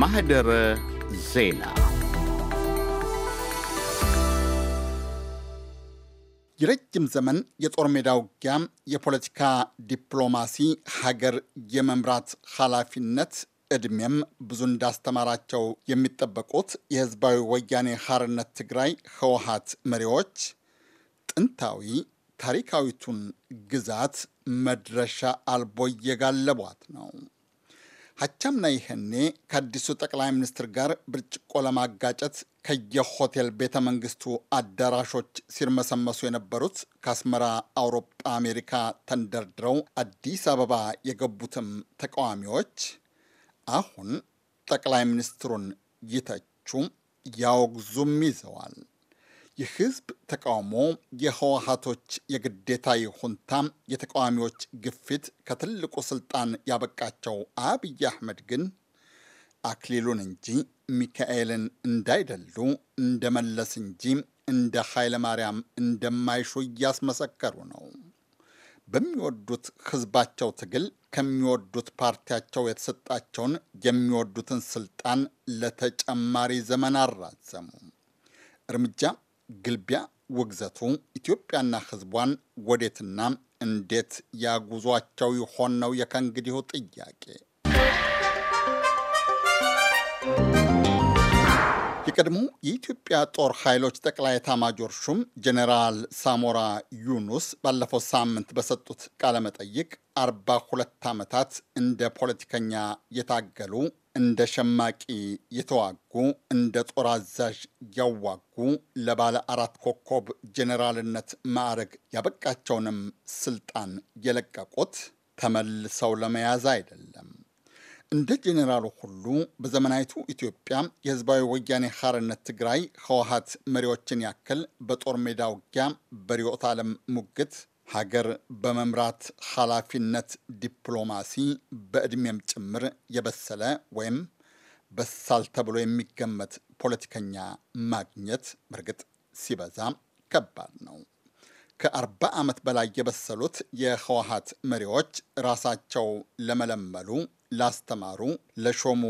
ማህደረ ዜና የረጅም ዘመን የጦር ሜዳ ውጊያ፣ የፖለቲካ ዲፕሎማሲ፣ ሀገር የመምራት ኃላፊነት ዕድሜም ብዙ እንዳስተማራቸው የሚጠበቁት የህዝባዊ ወያኔ ሐርነት ትግራይ ህወሀት መሪዎች ጥንታዊ ታሪካዊቱን ግዛት መድረሻ አልቦ እየጋለቧት ነው። ሀቻምና ይህኔ ከአዲሱ ጠቅላይ ሚኒስትር ጋር ብርጭቆ ለማጋጨት ከየሆቴል ቤተ መንግስቱ አዳራሾች ሲርመሰመሱ የነበሩት ከአስመራ አውሮፓ፣ አሜሪካ ተንደርድረው አዲስ አበባ የገቡትም ተቃዋሚዎች አሁን ጠቅላይ ሚኒስትሩን ይተቹ ያወግዙም ይዘዋል። የህዝብ ተቃውሞ፣ የህወሀቶች የግዴታ ይሁንታ፣ የተቃዋሚዎች ግፊት ከትልቁ ስልጣን ያበቃቸው አብይ አህመድ ግን አክሊሉን እንጂ ሚካኤልን እንዳይደሉ እንደ መለስ እንጂ እንደ ኃይለ ማርያም እንደማይሹ እያስመሰከሩ ነው። በሚወዱት ህዝባቸው ትግል ከሚወዱት ፓርቲያቸው የተሰጣቸውን የሚወዱትን ስልጣን ለተጨማሪ ዘመን አራዘሙ። እርምጃ ግልቢያ ውግዘቱ ኢትዮጵያና ሕዝቧን ወዴትና እንዴት ያጉዟቸው ይሆን ነው የከእንግዲሁ ጥያቄ። የቀድሞ የኢትዮጵያ ጦር ኃይሎች ጠቅላይ ታማጆር ሹም ጀኔራል ሳሞራ ዩኑስ ባለፈው ሳምንት በሰጡት ቃለመጠይቅ አርባ ሁለት ዓመታት እንደ ፖለቲከኛ የታገሉ እንደ ሸማቂ የተዋጉ እንደ ጦር አዛዥ ያዋጉ ለባለ አራት ኮከብ ጀኔራልነት ማዕረግ ያበቃቸውንም ስልጣን የለቀቁት ተመልሰው ለመያዝ አይደለም እንደ ጄኔራሉ ሁሉ በዘመናዊቱ ኢትዮጵያ የህዝባዊ ወያኔ ሐርነት ትግራይ ህወሀት መሪዎችን ያክል በጦር ሜዳ ውጊያ፣ በርዕዮተ ዓለም ሙግት፣ ሀገር በመምራት ኃላፊነት፣ ዲፕሎማሲ በዕድሜም ጭምር የበሰለ ወይም በሳል ተብሎ የሚገመት ፖለቲከኛ ማግኘት በእርግጥ ሲበዛ ከባድ ነው። ከአርባ ዓመት በላይ የበሰሉት የህወሀት መሪዎች ራሳቸው ለመለመሉ፣ ላስተማሩ፣ ለሾሙ፣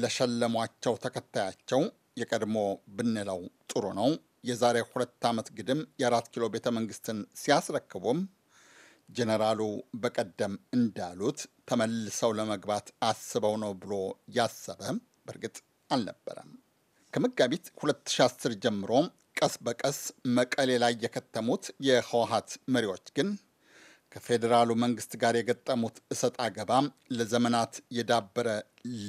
ለሸለሟቸው ተከታያቸው የቀድሞ ብንለው ጥሩ ነው። የዛሬ ሁለት ዓመት ግድም የአራት ኪሎ ቤተ መንግስትን ሲያስረክቡም ጀነራሉ በቀደም እንዳሉት ተመልሰው ለመግባት አስበው ነው ብሎ ያሰበ በእርግጥ አልነበረም። ከመጋቢት 2010 ጀምሮ ቀስ በቀስ መቀሌ ላይ የከተሙት የህወሀት መሪዎች ግን ከፌዴራሉ መንግስት ጋር የገጠሙት እሰጥ አገባ ለዘመናት የዳበረ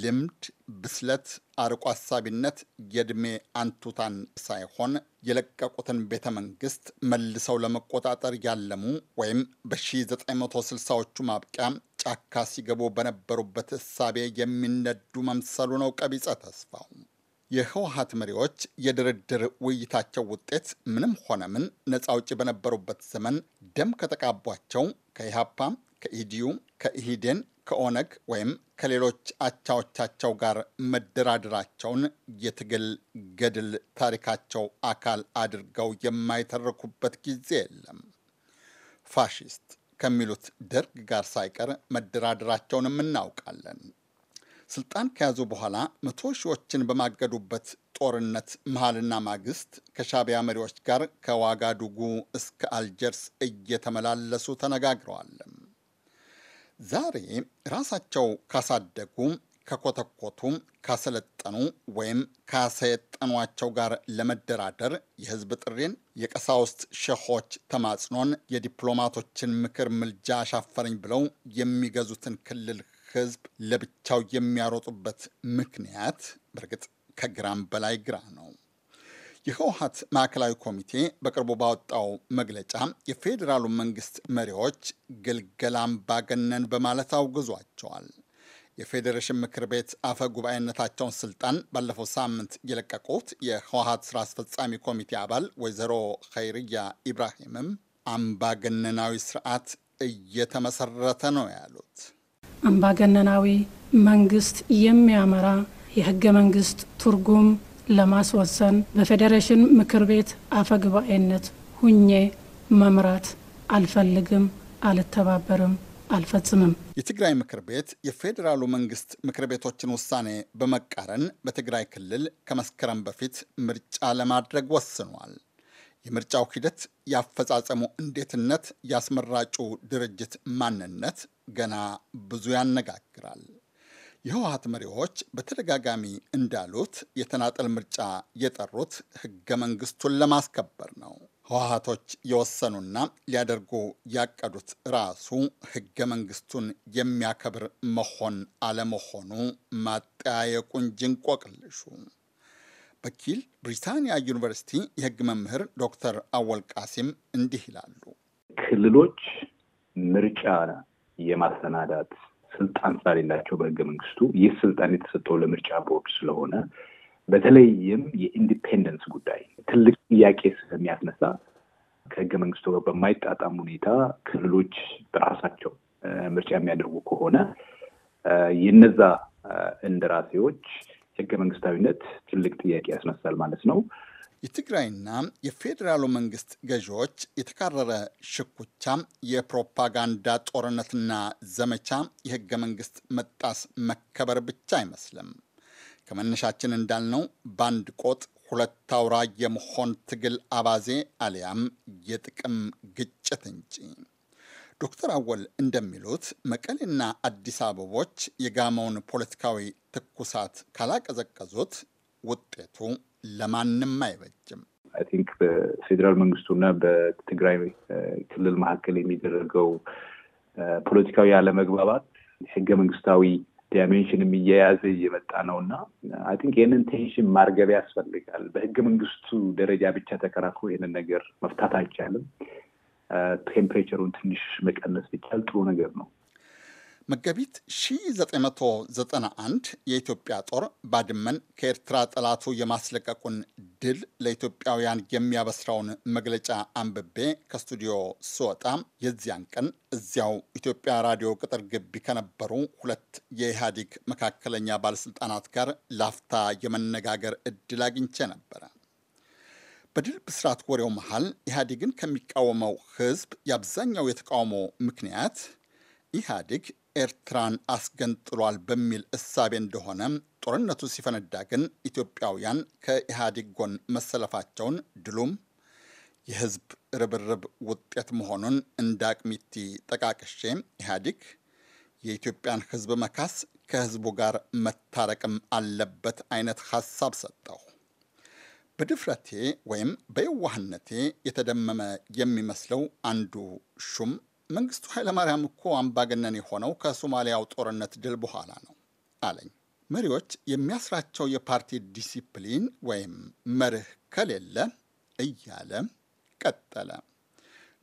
ልምድ፣ ብስለት፣ አርቆ አሳቢነት የእድሜ አንቱታን ሳይሆን የለቀቁትን ቤተ መንግስት መልሰው ለመቆጣጠር ያለሙ ወይም በ1960ዎቹ ማብቂያ ጫካ ሲገቡ በነበሩበት እሳቤ የሚነዱ መምሰሉ ነው ቀቢጸ ተስፋው። የህወሀት መሪዎች የድርድር ውይይታቸው ውጤት ምንም ሆነ ምን ነፃ አውጪ በነበሩበት ዘመን ደም ከተቃቧቸው ከኢሃፓ፣ ከኢዲዩ፣ ከኢህዴን፣ ከኦነግ ወይም ከሌሎች አቻዎቻቸው ጋር መደራደራቸውን የትግል ገድል ታሪካቸው አካል አድርገው የማይተረኩበት ጊዜ የለም። ፋሽስት ከሚሉት ደርግ ጋር ሳይቀር መደራደራቸውንም እናውቃለን። ስልጣን ከያዙ በኋላ መቶ ሺዎችን በማገዱበት ጦርነት መሀልና ማግስት ከሻቢያ መሪዎች ጋር ከዋጋዱጉ እስከ አልጀርስ እየተመላለሱ ተነጋግረዋል። ዛሬ ራሳቸው ካሳደጉ፣ ከኮተኮቱ፣ ካሰለጠኑ ወይም ካሰየጠኗቸው ጋር ለመደራደር የህዝብ ጥሪን፣ የቀሳውስት ሸሆች ተማጽኖን፣ የዲፕሎማቶችን ምክር ምልጃ አሻፈረኝ ብለው የሚገዙትን ክልል ህዝብ ለብቻው የሚያሮጡበት ምክንያት በእርግጥ ከግራም በላይ ግራ ነው። የህወሀት ማዕከላዊ ኮሚቴ በቅርቡ ባወጣው መግለጫ የፌዴራሉ መንግስት መሪዎች አምባገነን በማለት አውግዟቸዋል። የፌዴሬሽን ምክር ቤት አፈ ጉባኤነታቸውን ስልጣን ባለፈው ሳምንት የለቀቁት የህወሀት ስራ አስፈጻሚ ኮሚቴ አባል ወይዘሮ ኸይርያ ኢብራሂምም አምባገነናዊ ስርዓት እየተመሰረተ ነው ያሉት አምባገነናዊ መንግስት የሚያመራ የህገ መንግስት ትርጉም ለማስወሰን በፌዴሬሽን ምክር ቤት አፈጉባኤነት ሁኜ መምራት አልፈልግም፣ አልተባበርም፣ አልፈጽምም። የትግራይ ምክር ቤት የፌዴራሉ መንግስት ምክር ቤቶችን ውሳኔ በመቃረን በትግራይ ክልል ከመስከረም በፊት ምርጫ ለማድረግ ወስኗል። የምርጫው ሂደት፣ የአፈጻጸሙ እንዴትነት፣ የአስመራጩ ድርጅት ማንነት ገና ብዙ ያነጋግራል። የህወሀት መሪዎች በተደጋጋሚ እንዳሉት የተናጠል ምርጫ የጠሩት ህገ መንግስቱን ለማስከበር ነው። ህወሀቶች የወሰኑና ሊያደርጉ ያቀዱት ራሱ ህገ መንግስቱን የሚያከብር መሆን አለመሆኑ ማጠያየቁን ጅንቆቅልሹ በኪል ብሪታንያ ዩኒቨርሲቲ የህግ መምህር ዶክተር አወል ቃሲም እንዲህ ይላሉ። ክልሎች ምርጫ የማሰናዳት ስልጣን ስላሌላቸው በህገ መንግስቱ ይህ ስልጣን የተሰጠው ለምርጫ ቦርድ ስለሆነ በተለይም የኢንዲፔንደንስ ጉዳይ ትልቅ ጥያቄ ስለሚያስነሳ ከህገ መንግስቱ ጋር በማይጣጣም ሁኔታ ክልሎች በራሳቸው ምርጫ የሚያደርጉ ከሆነ የነዛ እንደራሴዎች ህገ መንግስታዊነት ትልቅ ጥያቄ ያስነሳል ማለት ነው። የትግራይና የፌዴራሉ መንግስት ገዢዎች የተካረረ ሽኩቻ፣ የፕሮፓጋንዳ ጦርነትና ዘመቻ የህገ መንግስት መጣስ መከበር ብቻ አይመስልም። ከመነሻችን እንዳልነው በአንድ ቆጥ ሁለት አውራ የመሆን ትግል አባዜ አሊያም የጥቅም ግጭት እንጂ። ዶክተር አወል እንደሚሉት መቀሌና አዲስ አበቦች የጋመውን ፖለቲካዊ ትኩሳት ካላቀዘቀዙት ውጤቱ ለማንም አይበጅም። አይ ቲንክ በፌዴራል መንግስቱና በትግራይ uh, ክልል መካከል የሚደረገው uh, ፖለቲካዊ አለመግባባት ህገ መንግስታዊ ዳይሜንሽን እየያዘ እየመጣ ነው እና አይ ቲንክ ይህንን ቴንሽን ማርገብ ያስፈልጋል። በህገ መንግስቱ ደረጃ ብቻ ተከራክሮ ይህንን ነገር መፍታት አይቻልም። ቴምፕሬቸሩን uh, ትንሽ መቀነስ ቢቻል ጥሩ ነገር ነው። መጋቢት 1991 የኢትዮጵያ ጦር ባድመን ከኤርትራ ጠላቱ የማስለቀቁን ድል ለኢትዮጵያውያን የሚያበስራውን መግለጫ አንብቤ ከስቱዲዮ ስወጣ የዚያን ቀን እዚያው ኢትዮጵያ ራዲዮ ቅጥር ግቢ ከነበሩ ሁለት የኢህአዴግ መካከለኛ ባለስልጣናት ጋር ላፍታ የመነጋገር እድል አግኝቼ ነበረ። በድል ብስራት ወሬው መሃል ኢህአዴግን ከሚቃወመው ህዝብ የአብዛኛው የተቃውሞ ምክንያት ኢህአዴግ ኤርትራን አስገንጥሏል በሚል እሳቤ እንደሆነ ጦርነቱ ሲፈነዳ ግን ኢትዮጵያውያን ከኢህአዴግ ጎን መሰለፋቸውን ድሉም የህዝብ ርብርብ ውጤት መሆኑን እንደ አቅሚቲ ጠቃቅሼ ኢህአዴግ የኢትዮጵያን ህዝብ መካስ ከህዝቡ ጋር መታረቅም አለበት አይነት ሀሳብ ሰጠሁ። በድፍረቴ ወይም በየዋህነቴ የተደመመ የሚመስለው አንዱ ሹም መንግስቱ ኃይለማርያም እኮ አምባገነን የሆነው ከሶማሊያው ጦርነት ድል በኋላ ነው አለኝ። መሪዎች የሚያስራቸው የፓርቲ ዲሲፕሊን ወይም መርህ ከሌለ እያለ ቀጠለ።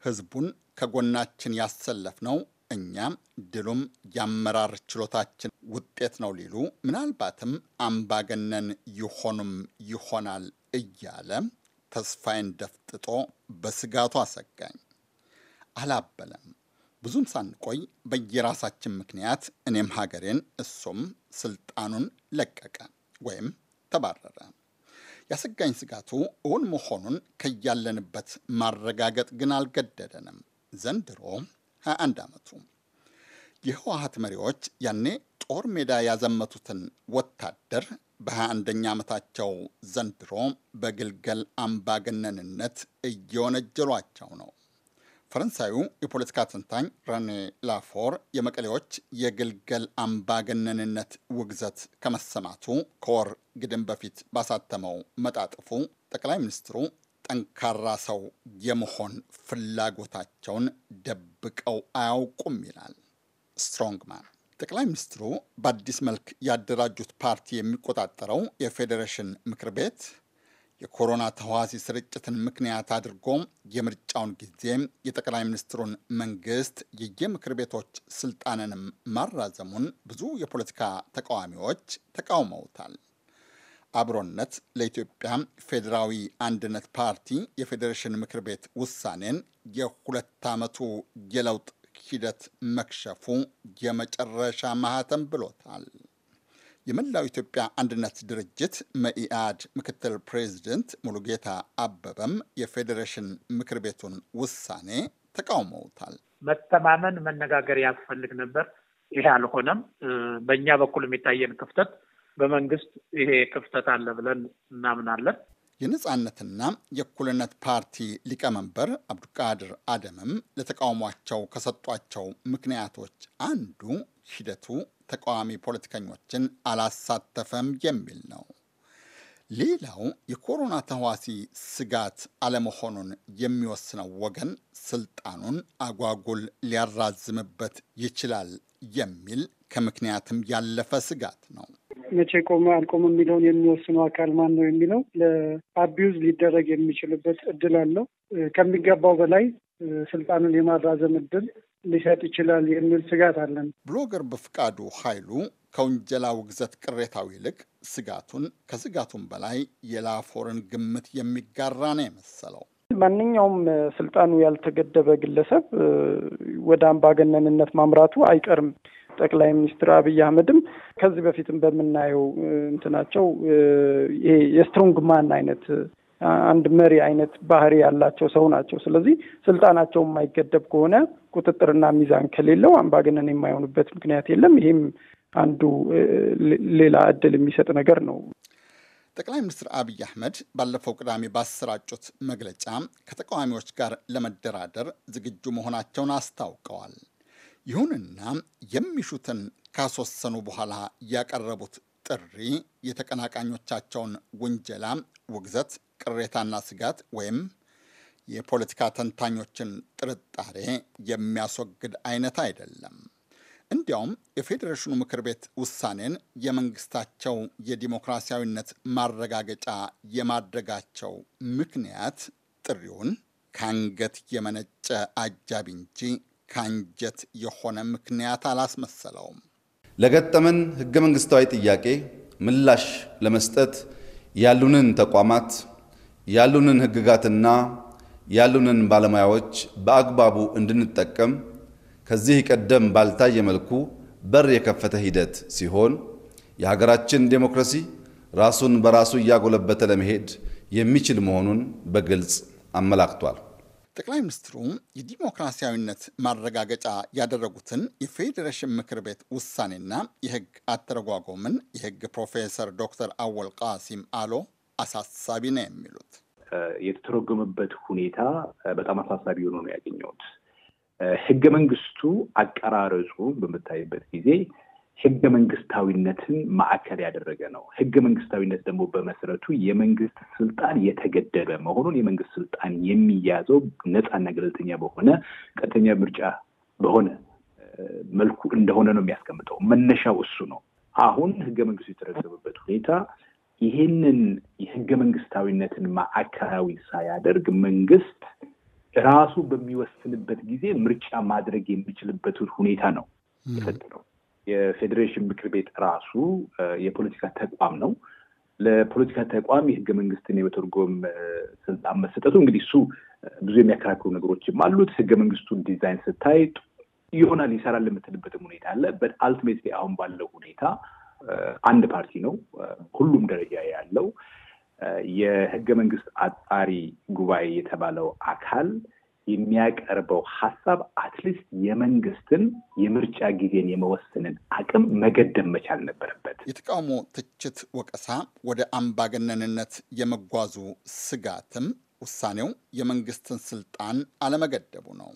ህዝቡን ከጎናችን ያሰለፍ ነው እኛም ድሉም የአመራር ችሎታችን ውጤት ነው ሊሉ ምናልባትም አምባገነን ይሆኑም ይሆናል እያለ ተስፋዬን ደፍጥጦ በስጋቱ አሰጋኝ። አላበለም። ብዙም ሳንቆይ በየራሳችን ምክንያት እኔም ሀገሬን እሱም ስልጣኑን ለቀቀ ወይም ተባረረ። ያሰጋኝ ስጋቱ እውን መሆኑን ከያለንበት ማረጋገጥ ግን አልገደደንም። ዘንድሮ 21 ዓመቱ የህወሀት መሪዎች ያኔ ጦር ሜዳ ያዘመቱትን ወታደር በ21ኛ ዓመታቸው ዘንድሮ በግልገል አምባገነንነት እየወነጀሏቸው ነው። ፈረንሳዩ የፖለቲካ ተንታኝ ረኔ ላፎር የመቀሌዎች የግልገል አምባገነንነት ውግዘት ከመሰማቱ ከወር ግድም በፊት ባሳተመው መጣጥፉ ጠቅላይ ሚኒስትሩ ጠንካራ ሰው የመሆን ፍላጎታቸውን ደብቀው አያውቁም ይላል ስትሮንግማን። ጠቅላይ ሚኒስትሩ በአዲስ መልክ ያደራጁት ፓርቲ የሚቆጣጠረው የፌዴሬሽን ምክር ቤት የኮሮና ተህዋሲ ስርጭትን ምክንያት አድርጎ የምርጫውን ጊዜ የጠቅላይ ሚኒስትሩን መንግስት የየምክር ቤቶች ስልጣንንም ማራዘሙን ብዙ የፖለቲካ ተቃዋሚዎች ተቃውመውታል። አብሮነት ለኢትዮጵያ ፌዴራዊ አንድነት ፓርቲ የፌዴሬሽን ምክር ቤት ውሳኔን የሁለት ዓመቱ የለውጥ ሂደት መክሸፉ የመጨረሻ ማህተም ብሎታል። የመላው ኢትዮጵያ አንድነት ድርጅት መኢአድ ምክትል ፕሬዚደንት ሙሉጌታ አበበም የፌዴሬሽን ምክር ቤቱን ውሳኔ ተቃውመውታል። መተማመን፣ መነጋገር ያስፈልግ ነበር። ይሄ አልሆነም። በእኛ በኩል የሚታየን ክፍተት በመንግስት ይሄ ክፍተት አለ ብለን እናምናለን። የነጻነትና የእኩልነት ፓርቲ ሊቀመንበር አብዱቃድር አደምም ለተቃውሟቸው ከሰጧቸው ምክንያቶች አንዱ ሂደቱ ተቃዋሚ ፖለቲከኞችን አላሳተፈም የሚል ነው። ሌላው የኮሮና ተህዋሲ ስጋት አለመሆኑን የሚወስነው ወገን ስልጣኑን አጓጉል ሊያራዝምበት ይችላል የሚል ከምክንያትም ያለፈ ስጋት ነው። መቼ ቆመ አልቆመ የሚለውን የሚወስኑ አካል ማን ነው የሚለው ለአቢዩዝ ሊደረግ የሚችልበት እድል አለው። ከሚገባው በላይ ስልጣኑን የማራዘም እድል ሊሰጥ ይችላል የሚል ስጋት አለን። ብሎገር በፍቃዱ ኃይሉ ከውንጀላ ውግዘት ቅሬታው ይልቅ ስጋቱን ከስጋቱን በላይ የላፎርን ግምት የሚጋራ ነው የመሰለው። ማንኛውም ስልጣኑ ያልተገደበ ግለሰብ ወደ አምባገነንነት ማምራቱ አይቀርም። ጠቅላይ ሚኒስትር አብይ አህመድም ከዚህ በፊትም በምናየው እንትናቸው ይሄ የስትሮንግ ማን አይነት አንድ መሪ አይነት ባህሪ ያላቸው ሰው ናቸው። ስለዚህ ስልጣናቸው የማይገደብ ከሆነ ቁጥጥርና ሚዛን ከሌለው አምባገነን የማይሆኑበት ምክንያት የለም። ይሄም አንዱ ሌላ እድል የሚሰጥ ነገር ነው። ጠቅላይ ሚኒስትር አብይ አህመድ ባለፈው ቅዳሜ ባሰራጩት መግለጫ ከተቃዋሚዎች ጋር ለመደራደር ዝግጁ መሆናቸውን አስታውቀዋል። ይሁንና የሚሹትን ካስወሰኑ በኋላ ያቀረቡት ጥሪ የተቀናቃኞቻቸውን ውንጀላ፣ ውግዘት፣ ቅሬታና ስጋት ወይም የፖለቲካ ተንታኞችን ጥርጣሬ የሚያስወግድ አይነት አይደለም። እንዲያውም የፌዴሬሽኑ ምክር ቤት ውሳኔን የመንግስታቸው የዲሞክራሲያዊነት ማረጋገጫ የማድረጋቸው ምክንያት ጥሪውን ከአንገት የመነጨ አጃቢ እንጂ ከአንጀት የሆነ ምክንያት አላስመሰለውም። ለገጠመን ህገ መንግስታዊ ጥያቄ ምላሽ ለመስጠት ያሉንን ተቋማት ያሉንን ህግጋትና ያሉንን ባለሙያዎች በአግባቡ እንድንጠቀም ከዚህ ቀደም ባልታየ መልኩ በር የከፈተ ሂደት ሲሆን የሀገራችን ዴሞክራሲ ራሱን በራሱ እያጎለበተ ለመሄድ የሚችል መሆኑን በግልጽ አመላክቷል። ጠቅላይ ሚኒስትሩ የዲሞክራሲያዊነት ማረጋገጫ ያደረጉትን የፌዴሬሽን ምክር ቤት ውሳኔና የህግ አተረጓጎምን የህግ ፕሮፌሰር ዶክተር አወል ቃሲም አሎ አሳሳቢ ነው የሚሉት የተተረጎመበት ሁኔታ በጣም አሳሳቢ ሆኖ ነው ያገኘሁት። ህገ መንግስቱ አቀራረጹ በምታይበት ጊዜ ህገ መንግስታዊነትን ማዕከል ያደረገ ነው። ህገ መንግስታዊነት ደግሞ በመሰረቱ የመንግስት ስልጣን የተገደበ መሆኑን የመንግስት ስልጣን የሚያዘው ነፃና ገለልተኛ በሆነ ቀጥተኛ ምርጫ በሆነ መልኩ እንደሆነ ነው የሚያስቀምጠው። መነሻው እሱ ነው። አሁን ህገ መንግስቱ የተረገበበት ሁኔታ ይህንን የህገ መንግስታዊነትን ማዕከላዊ ሳያደርግ መንግስት ራሱ በሚወስንበት ጊዜ ምርጫ ማድረግ የሚችልበትን ሁኔታ ነው የፈጠረው። የፌዴሬሽን ምክር ቤት ራሱ የፖለቲካ ተቋም ነው። ለፖለቲካ ተቋም የህገ መንግስትን የመተርጎም ስልጣን መሰጠቱ እንግዲህ እሱ ብዙ የሚያከራክሩ ነገሮችም አሉት። ህገ መንግስቱን ዲዛይን ስታይ ይሆናል ይሰራል የምትልበትም ሁኔታ አለ። በት አልቲሜትሊ አሁን ባለው ሁኔታ አንድ ፓርቲ ነው ሁሉም ደረጃ ያለው የህገ መንግስት አጣሪ ጉባኤ የተባለው አካል የሚያቀርበው ሀሳብ አትሊስት የመንግስትን የምርጫ ጊዜን የመወሰንን አቅም መገደብ መቻል ነበረበት። የተቃውሞ ትችት፣ ወቀሳ ወደ አምባገነንነት የመጓዙ ስጋትም ውሳኔው የመንግስትን ስልጣን አለመገደቡ ነው።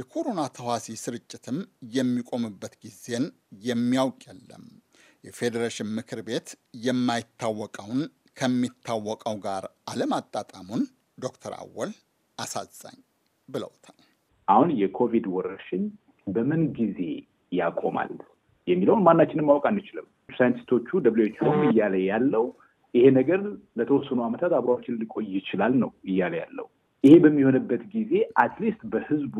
የኮሮና ተዋሲ ስርጭትም የሚቆምበት ጊዜን የሚያውቅ የለም። የፌዴሬሽን ምክር ቤት የማይታወቀውን ከሚታወቀው ጋር አለማጣጣሙን ዶክተር አወል አሳዛኝ ብለውታል። አሁን የኮቪድ ወረርሽኝ በምን ጊዜ ያቆማል የሚለውን ማናችንም ማወቅ አንችልም። ሳይንቲስቶቹ ደብሊዎች እያለ ያለው ይሄ ነገር ለተወሰኑ ዓመታት አብሯችን ሊቆይ ይችላል ነው እያለ ያለው። ይሄ በሚሆንበት ጊዜ አትሊስት በህዝቡ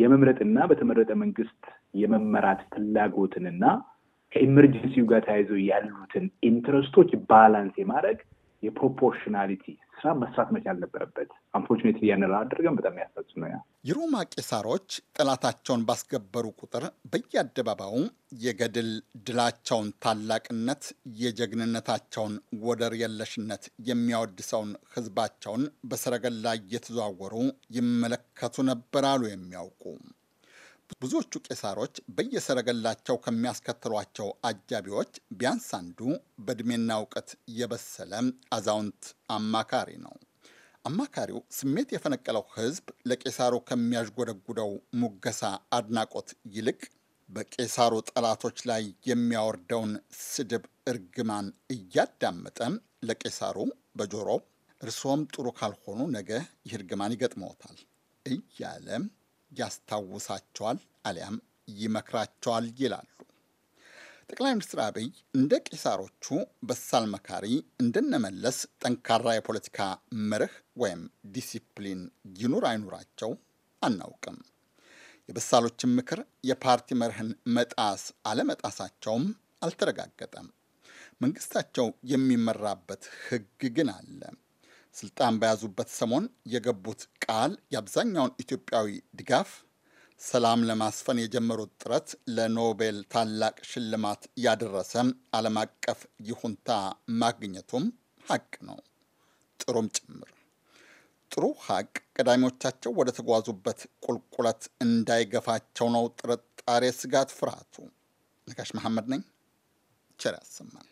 የመምረጥና በተመረጠ መንግስት የመመራት ፍላጎትንና ከኢመርጀንሲው ጋር ተያይዘው ያሉትን ኢንትረስቶች ባላንስ የማድረግ የፕሮፖርሽናሊቲ ስራ መስራት መቻል ነበረበት። አንፎርት ያንን አድርገን በጣም ያሳዝ ነው። የሮማ ቄሳሮች ጠላታቸውን ባስገበሩ ቁጥር በየአደባባዩ የገድል ድላቸውን ታላቅነት፣ የጀግንነታቸውን ወደር የለሽነት የሚያወድሰውን ህዝባቸውን በሰረገላ እየተዘዋወሩ ይመለከቱ ነበር አሉ የሚያውቁ ብዙዎቹ ቄሳሮች በየሰረገላቸው ከሚያስከትሏቸው አጃቢዎች ቢያንስ አንዱ በእድሜና እውቀት የበሰለ አዛውንት አማካሪ ነው። አማካሪው ስሜት የፈነቀለው ህዝብ ለቄሳሩ ከሚያዥጎደጉደው ሙገሳ፣ አድናቆት ይልቅ በቄሳሩ ጠላቶች ላይ የሚያወርደውን ስድብ፣ እርግማን እያዳመጠ ለቄሳሩ በጆሮ እርስዎም ጥሩ ካልሆኑ ነገ ይህ እርግማን ይገጥመዎታል እያለ ያስታውሳቸዋል አሊያም ይመክራቸዋል ይላሉ። ጠቅላይ ሚኒስትር አብይ እንደ ቄሳሮቹ በሳል መካሪ፣ እንድንመለስ ጠንካራ የፖለቲካ መርህ ወይም ዲሲፕሊን ይኑር አይኑራቸው አናውቅም። የበሳሎችን ምክር የፓርቲ መርህን መጣስ አለመጣሳቸውም አልተረጋገጠም። መንግስታቸው የሚመራበት ህግ ግን አለ። ስልጣን በያዙበት ሰሞን የገቡት ቃል የአብዛኛውን ኢትዮጵያዊ ድጋፍ፣ ሰላም ለማስፈን የጀመሩት ጥረት ለኖቤል ታላቅ ሽልማት ያደረሰ ዓለም አቀፍ ይሁንታ ማግኘቱም ሀቅ ነው፣ ጥሩም ጭምር። ጥሩ ሀቅ ቀዳሚዎቻቸው ወደ ተጓዙበት ቁልቁለት እንዳይገፋቸው ነው ጥርጣሬ፣ ስጋት፣ ፍርሃቱ። ነጋሽ መሐመድ ነኝ። ቸር ያሰማን።